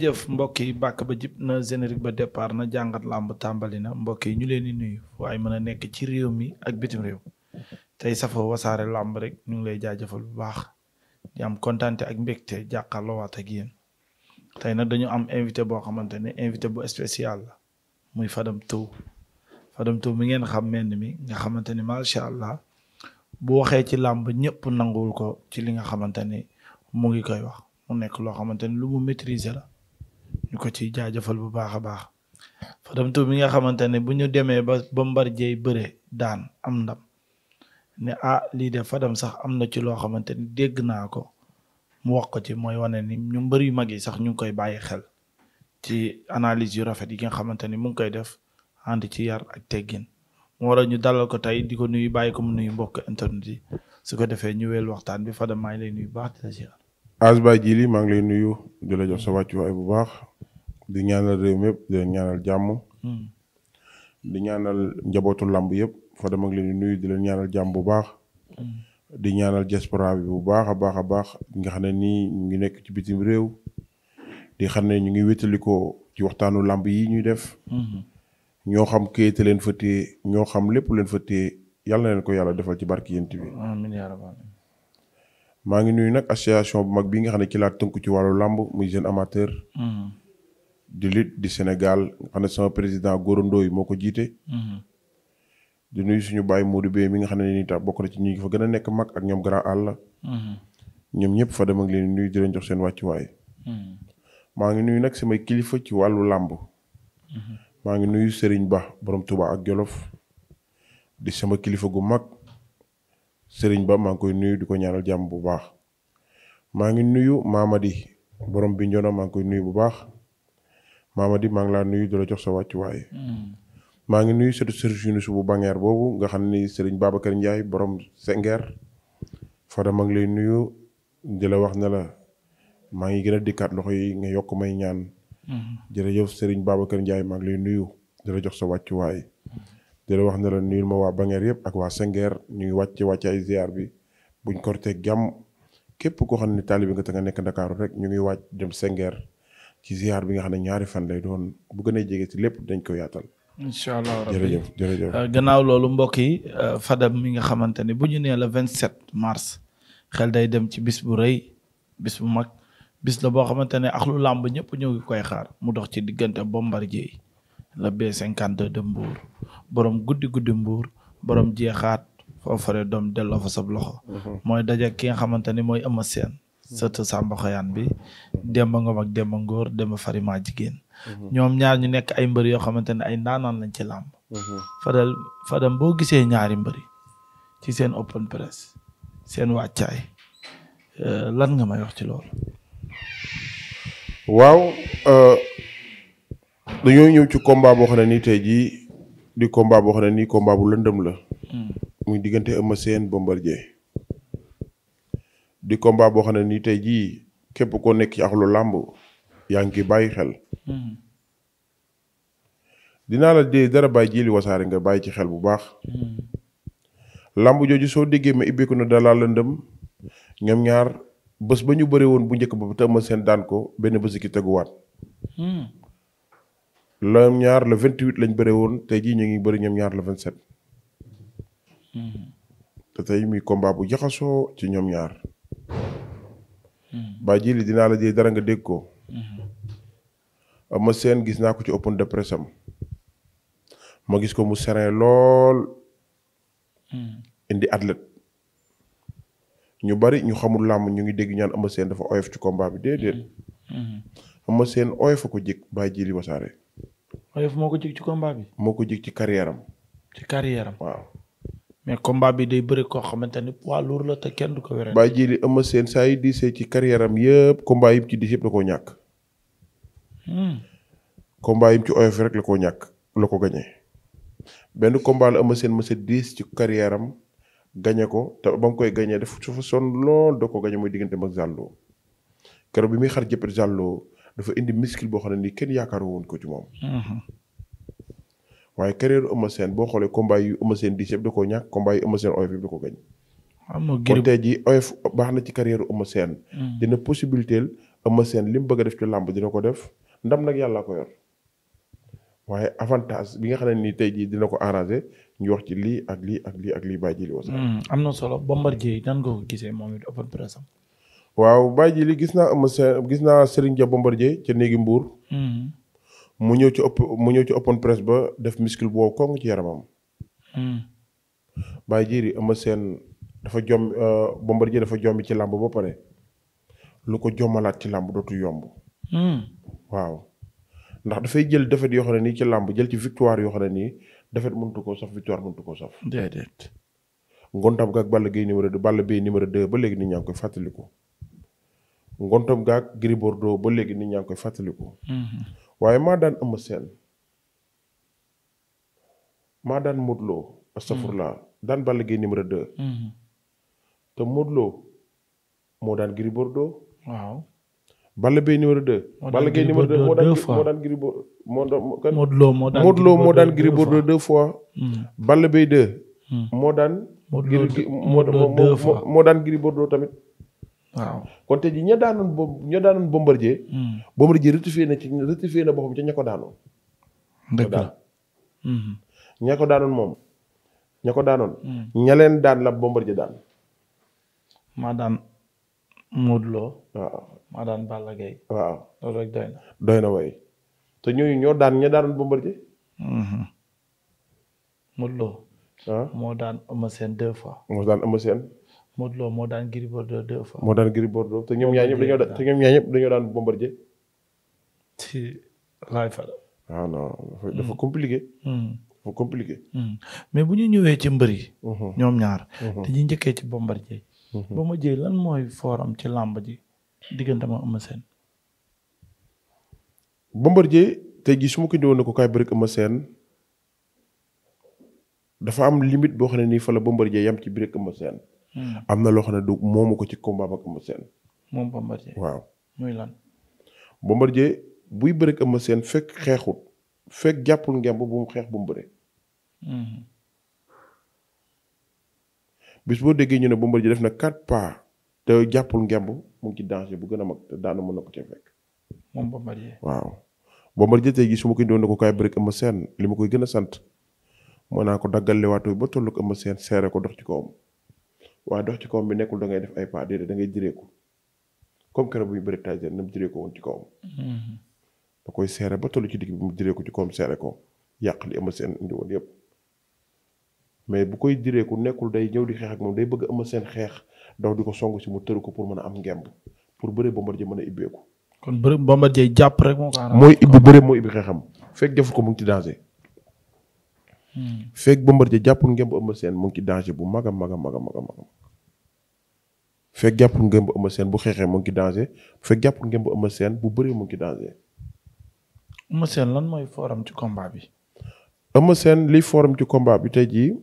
jëf mbokk yi bàkk ba jib na générique ba départ na jàngat làmb tàmbali na mbokk yi ñu leen di nuyu waaye mën a nekk ci réew mi ak bitim réew tey safa wasaare làmb rek ñu ngi lay jaajëfal bu baax di am kontante ak mbégte jàkkaarloo waat tey nag dañu am invité boo xamante ne invité bu spécial la muy Fadam Taw Fadam Taw mi ngeen xam mel mi nga xamante ni macha allah bu waxee ci làmb ñëpp nanguwul ko ci li nga xamante ni mu ngi koy wax mu nekk loo xamante ñu ko ci jaajëfal bu baax a baax fadamtu bi nga xamante ne bu ñu demee ba ba Bombardier bëre daan am ndam ne ah lii de fadam sax am na ci loo xamante ni dégg naa ko mu wax ko ci mooy wane ni ñu mbër yu mag yi sax ñu ngi koy bàyyi xel ci analyse yu rafet yi nga xamante ni mu ngi koy def ànd ci yar ak teggin mu war ñu dalal ko tey di ko nuyu bàyyi ko mu nuyu mbokk internet yi su ko defee ñu weel waxtaan bi fadam maa ngi lay nuyu baax di la Asba Jili maa ngi lay nuyu di la jox sa bu baax di ñaanal réew mépp di leen ñaanal jàmm. Hmm. di ñaanal njabootu làmb yëpp Fadam maa ngi di nuyu di leen ñaanal jàmm bu baax. Hmm. di ñaanal diaspora bi bu baax a baax a baax nga xam ne nii ñu ngi nekk ci bitim réew. di xam ne ñu ngi wétalikoo ci waxtaanu làmb yi ñuy def. Hmm. ñoo xam kayit leen fa ñoo xam lépp leen fa téye yàlla na leen ko yàlla defal ci barki yent maa ngi nuyu nag association bu mag bi nga xam ne ci laa tënku ci wàllu làmb muy jeune amateur. Mm-hmm. di di Sénégal nga xam ne sama président moo ko jiite. Mm-hmm. di nuyu suñu bàyyi Modou Bey mi nga xam ne nii bokk na ci ñi fa gën a nekk mag ak ñoom grand àll. Mm-hmm. ñëpp fa dem ak leen seen wàccuwaay. maa ngi nuyu nag samay kilifa ci wàllu làmb. maa ngi nuyu Serigne Ba borom tubaa ak Jolof di sama kilifa gu mag. sëriñ ba maa koy nuyu di ko ñaanal jàmm bu baax maa ngi nuyu Mamadi borom bi Bignona maa koy nuyu bu baax Mamadi maa ngi laa nuyu di la jox sa wàccuwaay. Hmm. maa ngi nuyu surtout Bangeer boobu nga xam ni sëriñ Babacar Ndiaye borom Sengeer Fada maa ngi lay nuyu di la wax ne maa ngi gën dikkaat loxo yi nga yokk may ñaan. Hmm. jërëjëf sëriñ Babacar Ndiaye maa ngi nuyu di la jox sa wàccuwaay. di wax ne la nuyul ma waa Banger yëpp ak waa Sengeer ñu ngi wàcc wàcc ay ziar bi buñ kortee jàmm képp koo xam ne taalibi nga te nga nekk Ndakaaru rek ñu ngi wàcc dem Sengeer ci ziar bi nga xam ne ñaari fan lay doon bu gën a jege ci lépp dañ ko yaatal. incha allah rabbi jërëjëf jërëjëf euh, gannaaw loolu mbokk yi euh, Fadam mi nga xamante ne bu ñu nee le 27 mars xel day dem ci bis bu rëy bis bu mag bis la boo xamante ne lu làmb ñëpp ñoo ngi koy xaar mu dox ci diggante Bombardier le B52 de Mbour boroom guddi guddi mbuur boroom jeexaat foofare doom delloo fa sab loxo. Mhm. mooy daje ki nga xamante ni mooy Eumeu Sène. surtout Samba Xoyaan bi Demba Ngom ak Demba Ngor Demba Farima jigéen. Mhm. ñoom ñaar ñu nekk ay mbër yoo xamante ne ay ndaanaan lañ ci làmb. Mhm. Fadel Fadel boo gisee ñaari mbëri ci seen open press seen wàccaay euh, lan nga may wax ci loolu. waaw. Euh, dañoo ñëw ci combat boo xam ne nii tey jii di combat boo xam ne nii combat bu lëndëm la. Hmm. muy diggante Eumeu Sène Bombardier. di combat boo xam ne nii tey jii képp koo nekk ci axlu làmb yaa ngi bàyyi xel. Hmm. dinaa la dee dara bàyyi jili wasaare nga bàyyi ci xel bu baax. Hmm. làmb jooju soo déggee ma ibbeeku na dalaa lëndëm ñoom ñaar bës ba ñu bëri woon bu njëkk ba te Eumeu Sène daan ko benn bés ki teguwaat. ñoom ñaar le 28 lañ bëre woon tey jii ñu ngi bëri ñoom ñaar le 27. Hmm. te tey muy combat bu jaxasoo ci ñoom ñaar. Hmm. ba ji li dinaa la jël dara nga dégg ko. Hmm. ma seen gis naa ko ci open de presse ma gis ko mu serein lool. indi athlète. ñu bari ñu xamul làmb ñu ngi dégg ñaan ama seen dafa oyof ci combat bi déedéet. ama seen oyof a ko jég bàyyi ji li wasaare. Yoff moo ko jig ci combat bi. moo ko jig ci carrière ci carrière am waaw. mais combat bi day bëri koo xamante ni poids lourd la kenn du ko wéree. ba ji li Eumeu Sène saa yu diisee ci carrière am yëpp combat yim ci diis yëpp la koo ñàkk. Hmm. combat rek la koo ñàkk la ko gañee benn combat la Eumeu Sène diis ci carrière am ko te ba mu koy gañee daf su fa sonn lool doo ko gañe muy diggante ak Zallo keroog bi muy xar jëppit Zallo dafa indi muscle boo xam ne nii kenn yaakaar woon ko ci moom. Mhm. waaye carrière Eumeu Sène boo xoolee combat yu Eumeu Sène diis yëpp da koo ñàkk combat yu Eumeu Sène oyof yëpp da ko gañ. kon tey jii oyof baax na ci carrière Eumeu Sène. Mhm. dina possibilité Eumeu Sène li mu def ci làmb dina ko def ndam nag yàlla ko yor. waaye avantage bi nga xam ne nii tey jii dina ko arranger ñu wax ci lii ak lii ak lii ak lii bàyyi ji li wasaare. Mhm. am na solo Bombardier nan nga ko gisee moom it open press am waaw bàyyi ji li gis naa am gis naa Serigne Dia Bombardier ca néegi Mbour. Hmm. ñëw ci ëpp mu ñëw ci open press ba def muscle boo koŋ ci yaramam. Hmm. bàyyi ji li am dafa jom euh, Bombardier dafa jombi ci làmb ba pare ko jommalaat ci làmb dootu yomb. Hmm. waaw ndax dafay jël défaite yoo xam ne nii ci làmb jël ci victoire yoo xam ne nii défaite mëntu koo saf victoire mëntu koo saf. déedéet. ngontam ga ak Balla Gaye numéro 2 Balla Gaye numéro 2 ba léegi nit ñaa ngi koy fàttaliku. ngontom gaag Gris Bordeaux ba léegi nit ñaa koy fàttaliku. waaye maa daan Eumeu Sène maa daan Modou Lo. astafurla daan Balla Gaye numéro te Modou moo daan Gris Bordeaux. waaw Balla Gaye moo daan moo daan Gris Bordeaux moo daan. moo daan Modou Lo hmm. daan Gris Bordeaux deux fois. Balla Gaye 2. moo daan. Modou tamit. waaw kon tey jii ña daanoon bo ña daanoon Bombardier. Hmm. Bombardier rectifié na ci rectifié na boppam ca ña ko daanoon. dëgg la hmm. ko daanoon moom ña ko daanoon. Hmm. ña leen daan la Bombardier daan. maa daan Modou Lo. waaw maa daan Balla Gaye. waaw loolu rek doy na. doy way te ñooñu ñoo daan ña daanoon Bombardier. Modou Lo. Ah. moo daan Eumeu Sène deux fois. moo daan Eumeu Sène. moo daan Gris Bordeaux deux fois. moo daan Gris Bordeaux te ñoom ñaar te ñoom ñaar ñëpp ah mm. mm. mm. mais bu ñu ñëwee ci mbër yi. Mm-hmm. ñoom ñaar. dañuy mm-hmm. njëkkee ci bombardier. Mm-hmm. bombardier lan mooy fooram ci làmb ji diggante ma Eumeu Sène. bombardier tey jii su ma ko ñëwoon ne ko kaay bëri Eumeu Sène dafa am limite boo xam nii fa la bombardier yam ci biir Eumeu Sène Hmm. am na loo xam ne du moomu ko ci combat ak Eumeu Sène. moom Bombardier waaw. muy lan. Bombardier buy bëreeg Eumeu Sène fekk xeexut fekk jàppul ngemb bu xeex bu mu bëree. Hmm. bis boo déggee ñu ne Bombardier def na quatre pas te jàppul ngemb mu ngi ci danger bu gën a mag te daanu mën na ko cee fekk. moom Bombardier waaw. Bombardier tey jii su ma koy doon na ko kaay bëreeg Eumeu seen li ma koy gën a sant. moo naa ko daggal lewaatoo ba tollu ko Eumeu seen seere ko dox ci kawam. waaye dox ci kawam bi nekkul da ngay def ay pas déedéet da ngay jëree ko comme keroog bu ñu bëri tàjjee na mu jëree ko ci kawam. Mm-hmm. da koy seere ba tollu ci digg bi mu jëree ko ci kawam seere ko yàq li Eumeu seen indi woon yëpp. mais bu koy jëree ko nekkul day ñëw di xeex ak moom day bëgg Eumeu seen xeex daw di ko song si mu tëru ko pour mën a am ngemb pour bëre Bombardier mën a ibbeeku. kon bëre Bombardier jàpp rek moo ko. mooy ibbi bëre mooy ibbi xeexam fekk jëfu ko mu ngi ci danger. fekk Bombardier jàppul ngemb Eumeu Sène mu ngi ci danger bu mag a mag a mag a mag a mag fekk jàpp ngemb Eumeu bu xeexee mu ngi ci danger fekk jàppul ngemb Eumeu bu bëree mu ngi ci danger. Eumeu lan mooy forum ci combat bi. Eumeu Sène liy forum ci combat bi te jii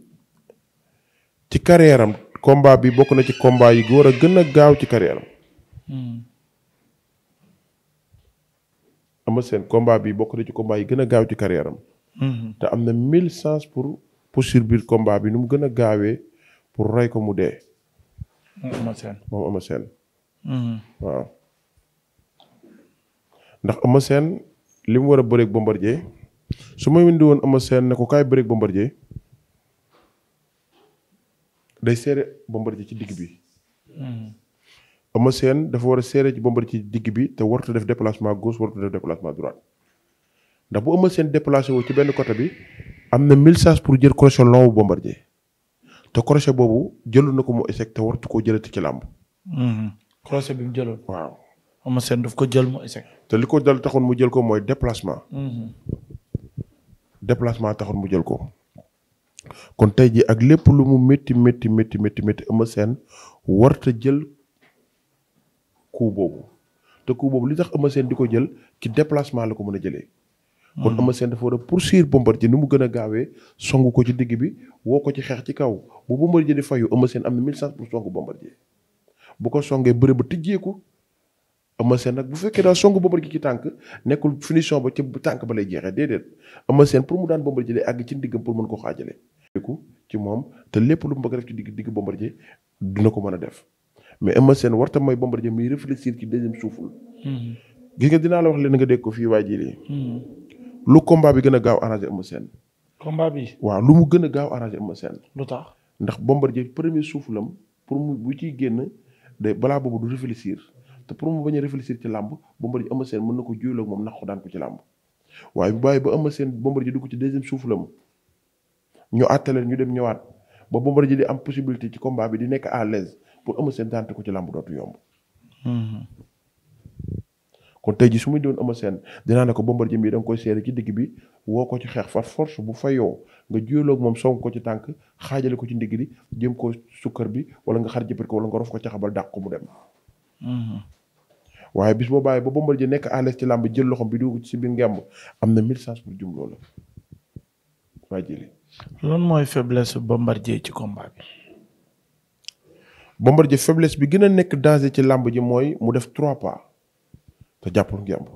ci carrière komba bi bokk na ci combat yi war a gën a gaaw ci carrière am. Hmm. Eumeu Sène bi bokk na ci combat yi gën a gaaw ci carrière Mhm. te am na mille sens pour poursuivre biir combat bi nu mu gën a gaawee pour rey ko mu dee. moom Eumeu Sène moom Eumeu Sène. Mhm. waaw ndax Eumeu Sène li mu war a bëreeg Bombardier su ma indi woon Eumeu Sène ne ko kaay bëreeg Bombardier day seere Bombardier ci digg bi. Mhm. Eumeu Sène dafa war a seere ci Bombardier ci digg bi te warut a def déplacement gauche warut a def déplacement droite. ndax bu ëmmal seen déplacé wu ci benn côté bi am na mille chances pour jël crochet long wu te crochet boobu jëloon na ko mu échec te koo jëlati ci làmb. Mm-hmm. crochet bi mu daf ko jël mu échec. te li ko dal taxoon mu jël ko mooy déplacement. Mm-hmm. déplacement taxoon mu jël ko. kon tey jii ak lépp lu mu métti métti métti métti métti ëmmal seen warta jël coup boobu te coup boobu li tax ëmmal seen di ko jël ci déplacement la ko mën a jëlee. kon Eumeu Sène dafa war a poursuivre Bombardier ni mu gën a gaawee songu ko ci digg bi woo ko ci xeex ci kaw bu Bombardier di fayu Eumeu Sène am na mille chance pour songu Bombardier bu ko songee bëre ba tijjeeku Eumeu Sène nag bu fekkee daa songu Bombardier ci tànk nekkul finition ba ci tànk ba lay jeexee déedéet Eumeu Sène pour mu daan Bombardier lay àgg ci ndiggam pour mën ko xaajale ci moom te lépp lu mu bëgg def ci digg digg Bombardier dina ko mën a def mais Eumeu Sène warta mooy Bombardier muy réfléchir ci deuxième souffle hmm. gis nga dinaa ko fii waa ji lu combat bi gën a gaaw arrangé Eumeu Sène. combat bi waaw lu mu gën a gaaw arrangé Eumeu lu tax ndax Bombardier premier soufflam pour mu bu ciy génn de balaa boobu du réfléchir te pour mu bañ a réfléchir ci làmb Bombardier Eumeu Sène mën na ko juyloog moom nax ko daan ko ci làmb waaye bu bàyyi ba Eumeu ji du ko ci deuxième lam ñu àttaleen ñu dem ñëwaat ba ji di am possibilité ci combat bi di nekk à l'aise pour Eumeu Sène daan ko ci làmb dootu yomb. Mhm. kon tey ji su muy doon Eumeu Sène dinaa ne ko Bombardier bi da nga koy seere ci digg bi woo ko ci xeex fa force bu fayoo nga jiyaloog moom song ko ci tànk xaajale ko ci ndigg li jëm ko sukkar bi wala nga xar jëppit ko wala nga rof ko ca xabal dàq ko mu dem mm-hmm. waaye bis boo bàyyi ba Bombardier nekk à ci làmb jël loxom bi dugg si biir ngemb am na mille chances pour jum loola waa jëli lan mooy faiblesse Bombardier ci combat bi Bombardier faiblesse bi gën a nekk danger ci làmb ji mooy mu def trois pas te jàppul ngemb.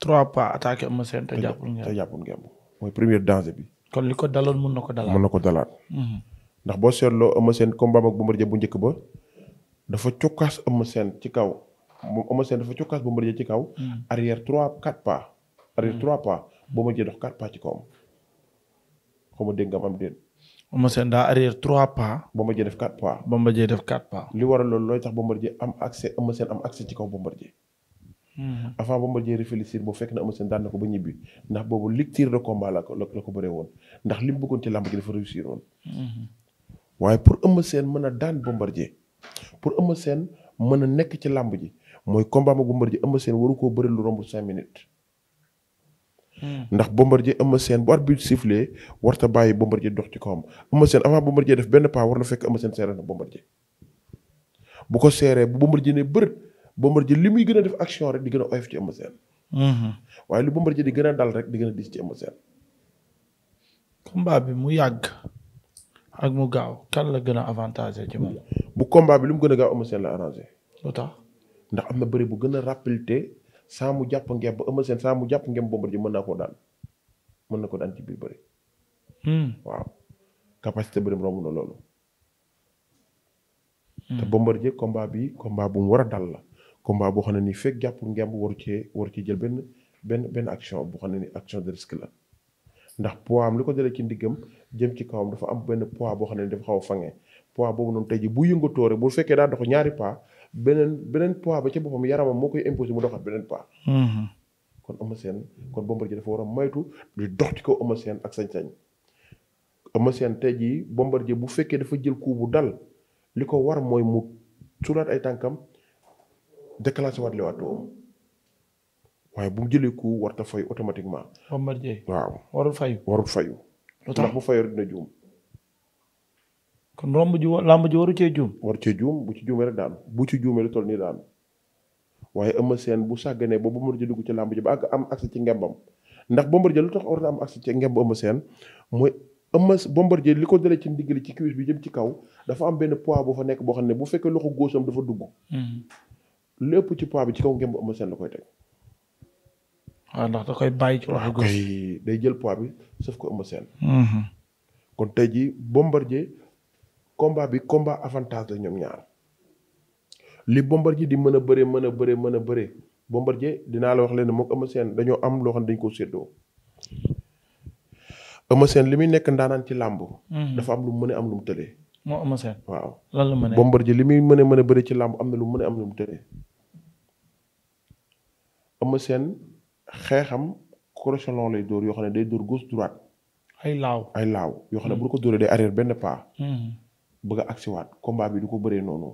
trois pas attaqué Eumeu Sène te jàppul ngemb mooy premier danger bi. kon li ko daloon mën na ko dalaat mën na ko dalaat. Mhm. ndax boo seetloo Eumeu Sène combat ak Bombardier bu njëkk ba dafa cokkaas Eumeu Sène ci kaw moom Eumeu Sène dafa cokkaas Bombardier ci kaw. Mhm. arrière trois quatre pas. arrière mhm. trois pas Bombardier dox quatre pas ci kawam xaw dégg nga am déet. Eumeu Sène daa arrière trois pas. Bombardier def quatre pas. Bombardier def quatre pas. li waral loolu looy tax Bombardier am accès Eumeu Sène am accès ci kaw Bombardier Mhm. avant Bombardier réfléchir boobu fekk na Eumeu Sène daan na ko ba ñibbi ndax boobu lecture de combat la ko la ko bëree woon ndax li mu bëggoon ci làmb gi dafa réussir woon. Mhm. waaye pour Eumeu mën a daan Bombardier pour Eumeu Sène mën a nekk ci làmb ji mooy combat ma Bombardier Eumeu Sène waru koo bëri lu romb cinq minutes. Mhm. ndax Bombardier Eumeu Sène bu arbitre sifflé warta bàyyi Bombardier dox ci ko kawam Eumeu Sène avant Bombardier def benn pas war na fekk Eumeu Sène seere na Bombardier bu ji li muy gën a def action rek di gën a oyof ci Eumeu Sène. Mhm. waaye lu Bombardier di gën a dal rek di gën a dis ci Eumeu Sène. combat bi mu yàgg ak mu gaaw kan la gën a avantage ci moom. bu combat bi lu mu gën a gaaw Eumeu Sène la arrangé. lu tax ndax na bëri bu gën a rapidité saa jàpp ngeen ba Eumeu Sène saa mu jàpp ngeen mën naa koo daan mën na ko daan ci biir bëri. Hmm. waaw capacité bëri romb na loolu. Hmm. te Bombardier combat bi combat bu mu war a dal la. combat boo xam ne nii fekk jàppul ngemb waru cee waru cee jël benn benn benn action boo xam ne nii action de risque la ndax poids am li ko dalee ci ndiggam jëm ci kawam dafa am benn poids boo xam ne dafa xaw a fange poids boobu noonu tey ji bu yëngatoo rek bu fekkee daa dox ñaari pas beneen beneen poids ba ca boppam yaramam moo koy imposé mu doxaat beneen pas. Mm-hmm. kon Eumeu Sène kon Bombardier dafa war a moytu di dox ci kaw Eumeu Sène ak sañ-sañ Eumeu Sène tey jii Bombardier bu fekkee dafa jël coup bu dal li ko war mooy mu sulaat ay tànkam. déclenché waat Leewtoo waaye bu jëlee ku war ta fay automatiquement. Bombardier waaw warul fayu. warul fayu. ndax bu fayoor dina juum. kon romb ji làmb ji waru cee juum. waru cee bu ci juumee rek daanu bu ci juumee lu toll nii daanu waaye Eumeu seen bu sàgganee ba Bombardier dugg ci làmb ji ba ak am accès ci ngembam ndax Bombardier lu tax war am accès ci ngemb Eumeu seen mooy Eumeu Bombardier li ko dalee ci ndigali ci cuisse bi jëm ci kaw dafa am benn poids bu fa nekk boo xam ne bu fekkee loxo góosam dafa dugg. Hmm. lépp ci poids bi ci kaw ngeen bu Eumeu la koy teg. waaw ndax da koy bàyyi ci loxo gauche day jël poids bi sëf ko Eumeu Sène. Mhm. kon te ji Bombardier combat bi combat avantage la ñoom ñaar li Bombardier di mën a bëree mën a bëree mën a bëree Bombardier dinaa la wax leen moog Eumeu Sène dañoo am loo xam dañ dañu ko séddoo. Eumeu Sène li muy nekk ndaanaan ci làmb. Mhm. dafa am lu mu mën am lu mu tëlee. moo Eumeu Sène waaw lan la li muy mën a mën a bëri ci làmb am na lu mu mën a am lu mu Eumeu Sène xeexam crochelon lay dóor yoo xam ne day dóor gauche droite. ay laaw ay laaw yoo xam ne hmm. bu ko dóoree day arrière benn pas. Hmm. bëgg a agsiwaat combat bi du ko bëree noonu.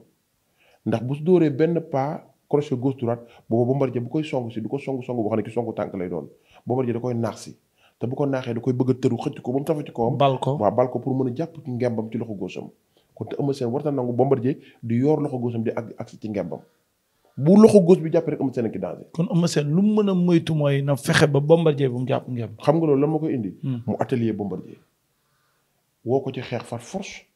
ndax bu su dóoree benn pas crochet gauche droite boobu Bombardier bu koy song si du ko song song boo xam ne ki songu tànk lay doon Bombardier da koy naax si te bu ko naaxee da koy bëgg a tëru xëcc ko ba mu tafa ci kawam. bal ko waaw bal ko pour mën a jàpp ci ngembam ci loxo góosam. kon te Eumeu Sène war na nangu Bombardier di yor loxo góosam di bu loxo gauche bi jàpp rek Eumeu Sène ki danger. kon Eumeu seen lu mu mën a moytu mooy na fexe ba bombardier bu mu jàpp ngeen. xam nga loolu lan ma koy indi. Hmm. mu atelier bombardier. woo ko ci xeex far force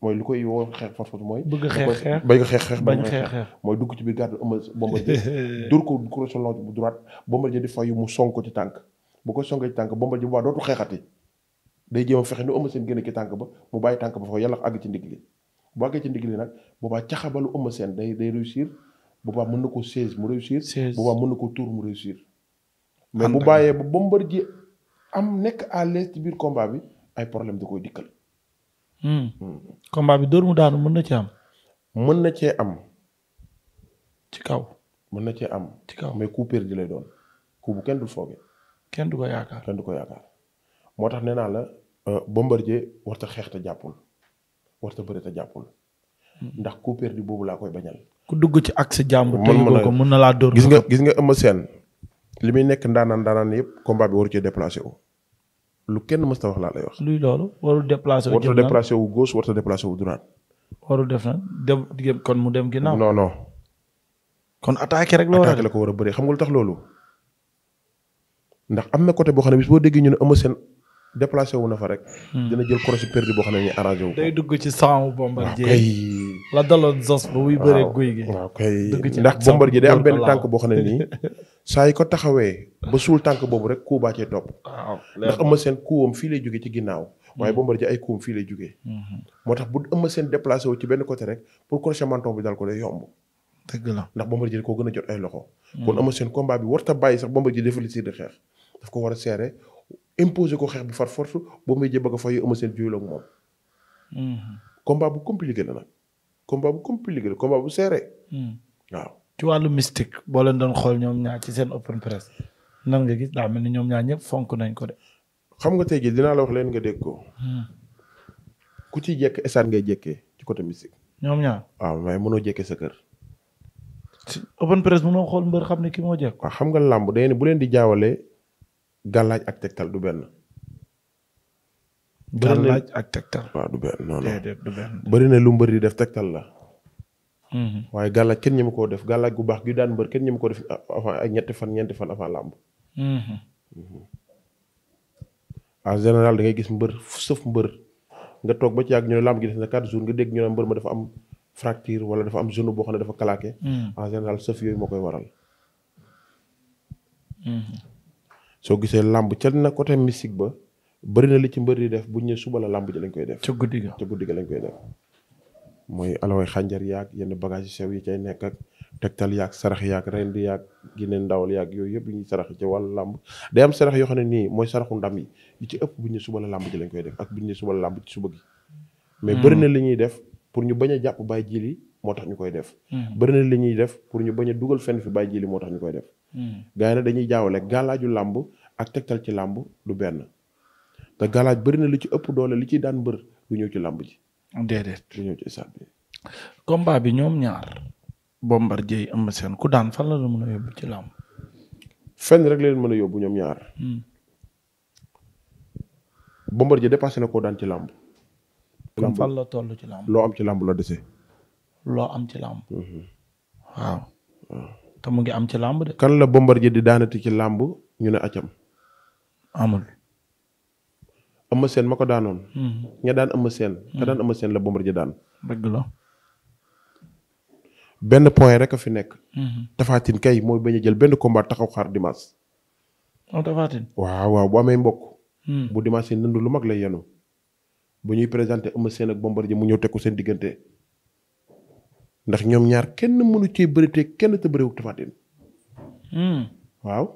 mooy lu koy woo xeex far force mooy. bëgg xeex xeex bañ xeex bañ xeex xeex. mooy dugg ci biir garde Eumeu bombardier dur ko croisé loxo bu droite bombardier di fayu mu song ko ci tànk bu ko songee ci tànk bombardier bu baax dootu xeexati day jéem a fexe ni Eumeu Sène génne ci tànk ba mu bàyyi tànk ba fa yàlla àgg ci ndigli bu àggee ci ndigg li nag boobaa caxabalu Eumeu Sène day day réussir boobaa mën na ko seize mu réussir. seize boobaa mën na ko tour mu réussir. mais bu bàyyee ba Bombardier am nekk à l'aise ci biir combat bi ay problème da koy dikkal. Hmm. Hmm. combat bi dóor mu daanu mën na ci am. mën na cee am. ci kaw. mën na cee am. ci kaw mais coup perdu lay doon ku bu kenn du foogee. kenn du ko yaakaar du ko yaakaar. moo tax nee naa la. Euh, Bombardier warta xeex te jàppul. warta bëri ta jàppul hmm. ndax ku perdu boobu laa koy bañal. ku dugg ci ak sa jàmm mën na ko mën na laa dóor. gis nga gis nga Eumeu seen li muy nekk ndaanaan ndaanaan yëpp combat bi waru cee déplacé wu. lu kenn mës ta wax laa lay wax. luy loolu warul déplacé wu. warta déplacé wu gauche warta déplacé wu droite. warul def na dem kon mu dem ginnaaw. non non. kon attaqué rek la war ko war a bëree xam nga lu tax loolu. ndax am na côté boo xam ne bis boo déggee ñu ne Eumeu seen déplacé wu na fa rek. Hmm. dina jël croche perdu boo xam ne ñu arrangé wu. day dugg ci sang bombardier la daloon zos ba muy bëree guy gi. waaw kay ndax bombardier day am benn tànk boo xam ne nii. saa yi ko taxawee ba suul tànk boobu rek kuu baa cee topp. ndax Eumeu seen kuwam fii lay jóge ci ginnaaw. Hmm. waaye bombardier ay kuwam fii lay jógee. Hmm. moo tax bu Eumeu Sène déplacé wu ci benn côté rek pour crochet menton bi dal ko day yomb. dëgg la ndax bombardier koo gën a jot ay loxo. kon Eumeu Sène combat bi warut bàyyi sax bombardier dafa li si di xeex ko war a seere imposé ko xeex bi far force boo muy jë ko a fayu Eumeu Sène juyul ak moom. Mm-hmm. combat bu compliqué la nag. combat bu compliqué la combat bu serré. Mm. waaw ci wàllu mystique boo leen doon xool ñoom ñaar ci seen open press nan nga gis daa mel ni ñoom ñaar ñëpp fonk nañ ko de. xam nga tey jii dinaa la wax leen nga dégg ko. Mm. ku ci jekk esaan ngay jekkee ci côté mystique. ñoom ñaar waaw mais munoo jekkee sa kër. open press mënoo xool mbër xam ne ki moo jekk. waaw xam nga làmb bu leen di jaawalee gàllaaj ak tegtal du benn. gàllaaj ak tegtal. waaw du benn non non du benn. bëri na lu mbër di def tegtal la. Mhm. waaye gàllaaj kenn ñëmu koo def gàllaaj gu baax gi daan mbër kenn ñëmu koo def avant ñetti fan ñeenti fan avant làmb. Mhm. Mhm. en général da ngay gis mbër sëf mbër nga toog ba ci yàgg ñoo ne làmb gi def na quatre jours nga dégg ñu ne mbër ma dafa am fracture wala dafa am genou boo xam ne dafa claqué. sëf yooyu moo koy waral. soo gisee làmb ca na côté mystique ba bëri na li ci mbër di def bu ñu suba la làmb ji lañ koy def. ca guddi ga guddi ga lañ koy def. mooy alaway xànjar yaag yenn bagage yu sew yi cay nekk ak tegtal yaag sarax yaag rend yaag gineen ndawal yaag yooyu yëpp yi ñuy sarax ci wàllu làmb day am yoo xam ne nii mooy saraxu ndam yi ci ëpp bu ñu suba la làmb ji lañ koy def ak bu ñu suba la làmb ci suba gi. mais hmm. bëri na li ñuy def pour ñu bañ a jàpp bàyyi jili moo tax ñu koy def. Hmm. bëri na li ñuy def pour ñu bañ dugal fenn fi bàyyi jili moo tax ñu koy def gars yi nag dañuy jaawale galaaju làmb ak tegtal ci làmb du benn te galaaj bëri na lu ci ëpp doole li ciy daan mbër du ñëw ci làmb ji. déedéet du ñëw bi. ñoom ñaar. Bombardier Eumeu Sène ku daan fan la mën a yóbbu ci làmb. fenn rek leen mën a yóbbu ñoom ñaar. Hmm. Bombardier dépassé na koo daan ci làmb. làmb fan la toll ci làmb. loo am ci làmb la dese. loo am ci làmb. Hmm. waaw. Hmm. te mu ngi am ci làmb de. kan la Bombardier di daanati ci làmb ñu ne acam amul. Eumeu Sène ma ko daanoon. Hmm. ña daan Eumeu Sène. ka daan hmm. Eumeu Sène la Bombardier daan. dëgg la. benn point rek a fi nekk. Hmm. Tapha Tine kay mooy bañ jël benn combat taxaw xaar dimanche. waaw oh, Tapha waaw waaw bu amee mbokk. bu dimanche yi nënd lu mag lay yenu bu ñuy présenté Eumeu Sène ak Bombardier mu ñëw teg seen diggante. ndax ñoom ñaar kenn mënu cee bëri te kenn te bëriwul Tapha Tine. Hmm. waaw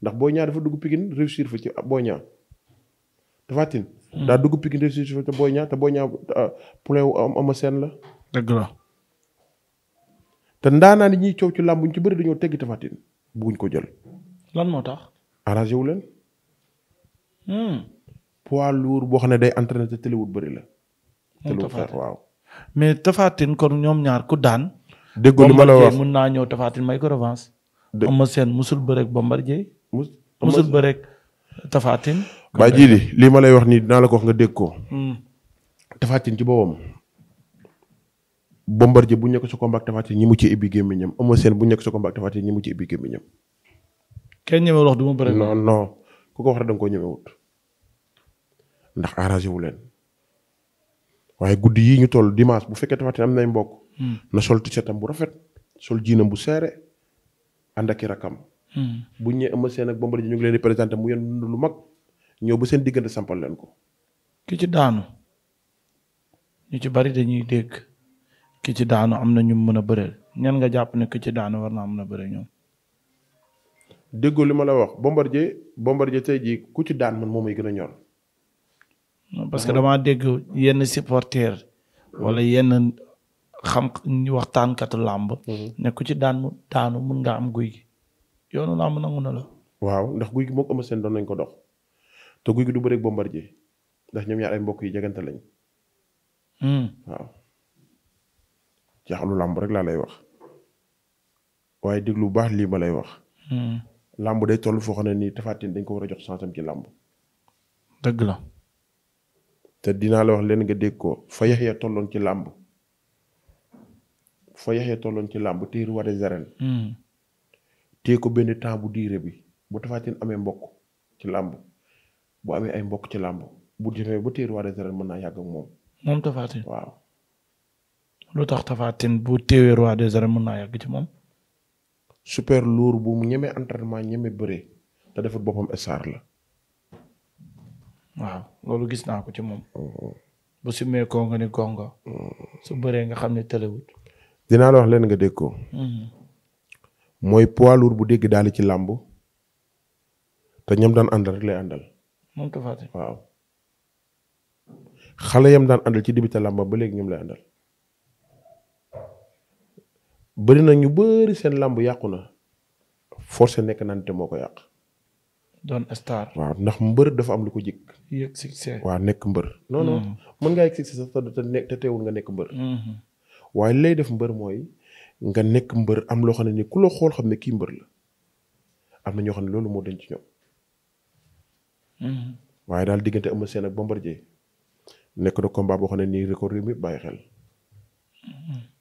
ndax Boy Niang dafa dugg Pikine réussir fa ci Boy Niang Tapha Tine. Hmm. daa dugg Pikine réussir fa ci Boy Niang te Boy Niang euh, poulain la. dëgg la. te ndaanaa ni ñuy coow ci làmb ñu ci bëri dañoo teggi Tapha ko jël. lan moo tax. arrangé wu leen. Hmm. poids lourd boo xam ne day entraîné te tëliwut bëri la. tëliwut waaw. mais tafaatin Tine kon ñoom ñaar ku daan. déggoo li ma la wax mun naa ñëw tafaatin Tine may ko revanche. dé Eumeu Sène musul bëreeg Bombardier. musul musul bëreeg Tapha Tine. baa ji lii ma lay wax nii dinaa la ko wax nga dégg ko. Hmm. Tapha Tine ci boppam. Bombardier bu nekk sa combat ak Tapha ñi mu ci ibbi gémmiñam Eumeu Sène bu nekk sa ko ak Tapha Tine ñi mu ci ibbi gémmiñam. kenn ñemewul wax du ma bëri. non non ku ko wax rek da koo ñemewut. ndax arrangé wu leen. waaye guddi yii ñu toll dimanche bu fekkee Tapha Tine am nay mbokk. Hmm. na sol tisetam bu rafet sol jiinam bu seere ànd ak i rakam. Hmm. bu ñu Eumeu Sène ak Bombardier ñu ngi leen di présenté mu yenn lu mag ñëw ba seen diggante sampal leen ko. ki ci daanu ñu ci bari dañuy dégg ki ci daanu am na ñu mën a bëreel ñan nga jàpp ne ki ci daanu war naa am na bëre ñoom. déggoo li ma la wax bombar Bombardier Bombardier tey jii ku ci daan man moom ay gën a ñor. parce que damaa dégg yenn supporter walla yenn xam waxtaankatu làmb mhm. ne ci daan mu daanu mun nga am guy gi yoonu làmb nangu na la. waaw ndax guy gi moog Eumeu Sène doon nañ ko dox te guy gi du bëre ak Bombardier ndax ñoom ñaar ay mbokk yi jegante lañ. Hmm. waaw jaaxlu làmb rek laa lay wax waaye déglu bu baax lii ma lay wax. Hmm. làmb de toll foo xam ne nii Tapha Tine dañ ko war a jox sansam ci làmb. dëgg la. te dinaa la wax leen nga dégg ko fa yaxya tolloon ci làmb fa yaxya tolloon ci làmb téye roi des arènes hmm. téye ko benn temps bu diire bi bu Tapha amee mbokk ci làmb bu amee ay mbokk ci làmb bu demee ba téye roi des mën naa yàgg ak moom. moom Tapha tax Tapha Tine roi des arènes mën naa yàgg ci moom. super lourd bu mu ñemee entraînement ñeme bëre te defut boppam star la. waaw loolu gis naa ko ci moom. Mm-hmm. bu sumee koo nga ni gonga. Mm-hmm. su bëree nga xam ne tëlewut. dinaa la wax leen nga dégg ko. Mm-hmm. mooy poids bu dégg daal ci làmb te ñam daan àndal rek lay àndal. moom Tapha Tine waaw. xale yam daan àndal ci débuté làmb ba léegi ñoom lay àndal. bëri na ñu bëri seen làmb yàqu na forcé nekk nante moo ko yàq. doon star. waaw ndax mbër dafa am lu ko jik yëg waaw nekk mbër. non mm-hmm. mën ngaa yëg succès sax te ne te teewul nga nekk mbër. Mm-hmm. waaye lay def mbër mooy nga nekk mbër am loo xam ne ni ku la xool xam ne kii mbër la am na ñoo xam ne loolu moo denc ñoom. Mm-hmm. waaye daal diggante a seen ak Bombardier nekk na combat boo xam ne nii record yi mu bàyyi xel.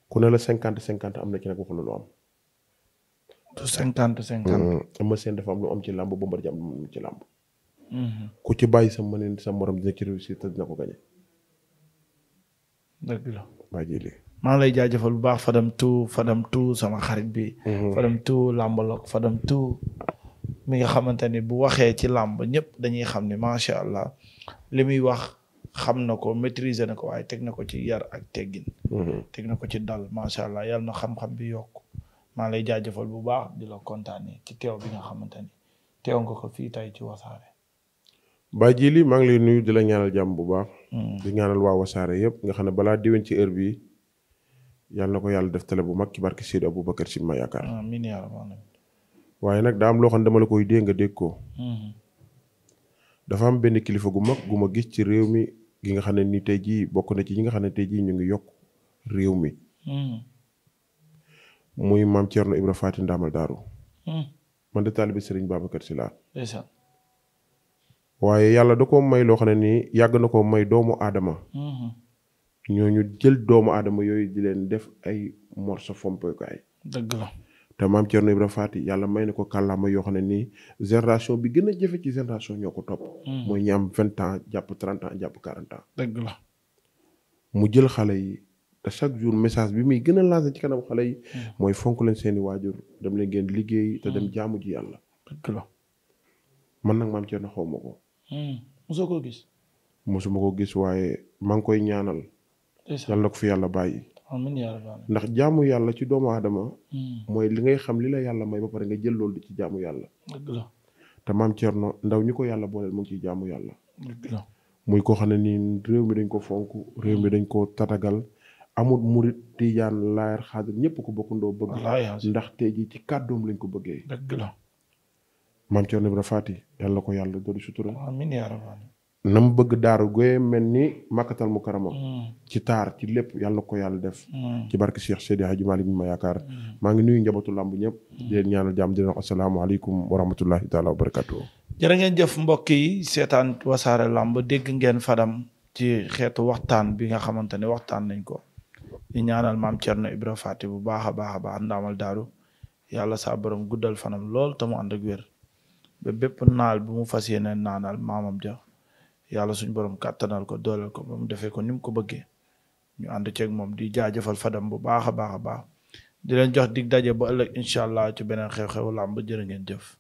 ku ne la cinquante cinquante am na ci nag waxu la lu am. cinquante cinquante. Mm, Eumeu Sène dafa am lu am ci làmb Bombardier am lu ci làmb. Mm-hmm. ku ci bàyyi sa mëneen sa morom ci réussir te dina ko gañe. maa ngi lay jaajëfal bu baax Fadam tu Fadam tu sama xarit bi. Mm-hmm. Fadam tu làmbaloog Fadam tu mi nga xamante ni bu waxee ci làmb ñëpp dañuy xam ne macha allah li muy wax xam na ko maîtriser na ko waaye teg na ko ci yar ak teggin. Mm-hmm. teg na ko ci dal macha allah yàlla na xam-xam bi yokk. maa lay jaajëfal bu baax di la kontaanee ci teew bi nga xamante ni teew nga ko fii tey ci wasaare. Baye Djily maa ngi lay nuyu di la ñaanal jàmm bu baax. Hmm. di ñaanal waa wasaare yëpp nga xam ne balaa diwén ci heure bii yàlla na ko yàlla def télé bu mag ci barke Sidi Aboubacar si ma yaakaar. amiin yaa rabbal waaye nag daa am loo xam ne dama la koy dégg nga dégg ko. Hmm. dafa am benn kilifa gu mag gu ma gis ci réew mi gi nga xam ne nii tey jii bokk na ci ñi nga xam ne tey jii ñu ngi yokk réew mi. Hmm. muy maam Thierno Ibra Faati Ndaamal Daaru hmm. man de taalibe Serigne Babacar Sy laa waaye yàlla da ko may loo xam ne nii yàgg na koo may doomu aadama hmm. ñu jël doomu aadama yooyu di leen def ay morso fompokaay dëgg la te maam Thierno Ibra Faati yàlla may na ko kàllaama yoo xam ne nii génération bi gën a jëfe ci génération ñoo ko topp hmm. mooy ñi am vingt ans jàpp trente ans jàpp quarante ans dëgg la mu jël xale yi te chaque jour message bi muy gën a lancé ci kanam xale yi. Hmm. mooy fonk leen seeni waajur dem leen ngeen liggéey te dem hmm. jaamu ji yàlla. man nag maam Thierno xaw ma ko. Hmm. mosoo koo gis. mosuma ko gis waaye maa ngi koy ñaanal. yàlla fi yàlla bàyyi. ndax jaamu yàlla ci doomu aadama. mooy li ngay xam li la yàlla may ba pare nga jël loolu di ci jaamu yàlla. dëgg la te maam Thierno ndaw ñu ko yàlla booleel mu ngi ciy jaamu yàlla. muy koo xam ne nii réew mi dañ ko fonk réew mi dañ ko tatagal amul murit tijaan laayar xaadir ñëpp ko bokkandoo bëgg ndax te jii ci kàddoom lañ ko bëggee dëgg la maam Cerno Ibra yàlla ko yàlla doolu sutura amiin yaa na mu bëgg daaru goye mel ni màkkatal mu karamam mm. ci taar ci lépp yàlla ko yàlla def mm. ci barke Cheikh Seydi Hadji Malick bi ma yaakaar mm. maa ngi nuyu njabootu làmb ñëpp di leen ñaanal jàmm di leen asalaamaaleykum wa rahmatullahi taala wa jëf mbokk yi seetaan wasaare làmb dégg ngeen fadam ci xeetu waxtaan bi nga xamante ne waxtaan nañ ko di ñaanal maam na Ibra Fati bu baax a baax a baax ndaamal daaru yàlla saa borom guddal fanam lool te mu ànd ak wér ba bépp naal bu mu fas yéene naanal maamam jax yàlla suñ boroom kàttanal ko dooleel ko mu defee ko ni ko bëggee ñu ànd ceeg moom di jaajëfal fadam bu baax a baax a baax di leen jox dig daje ba ëllëg incha allah ci beneen xew-xewu làmb jërë ngeen jëf.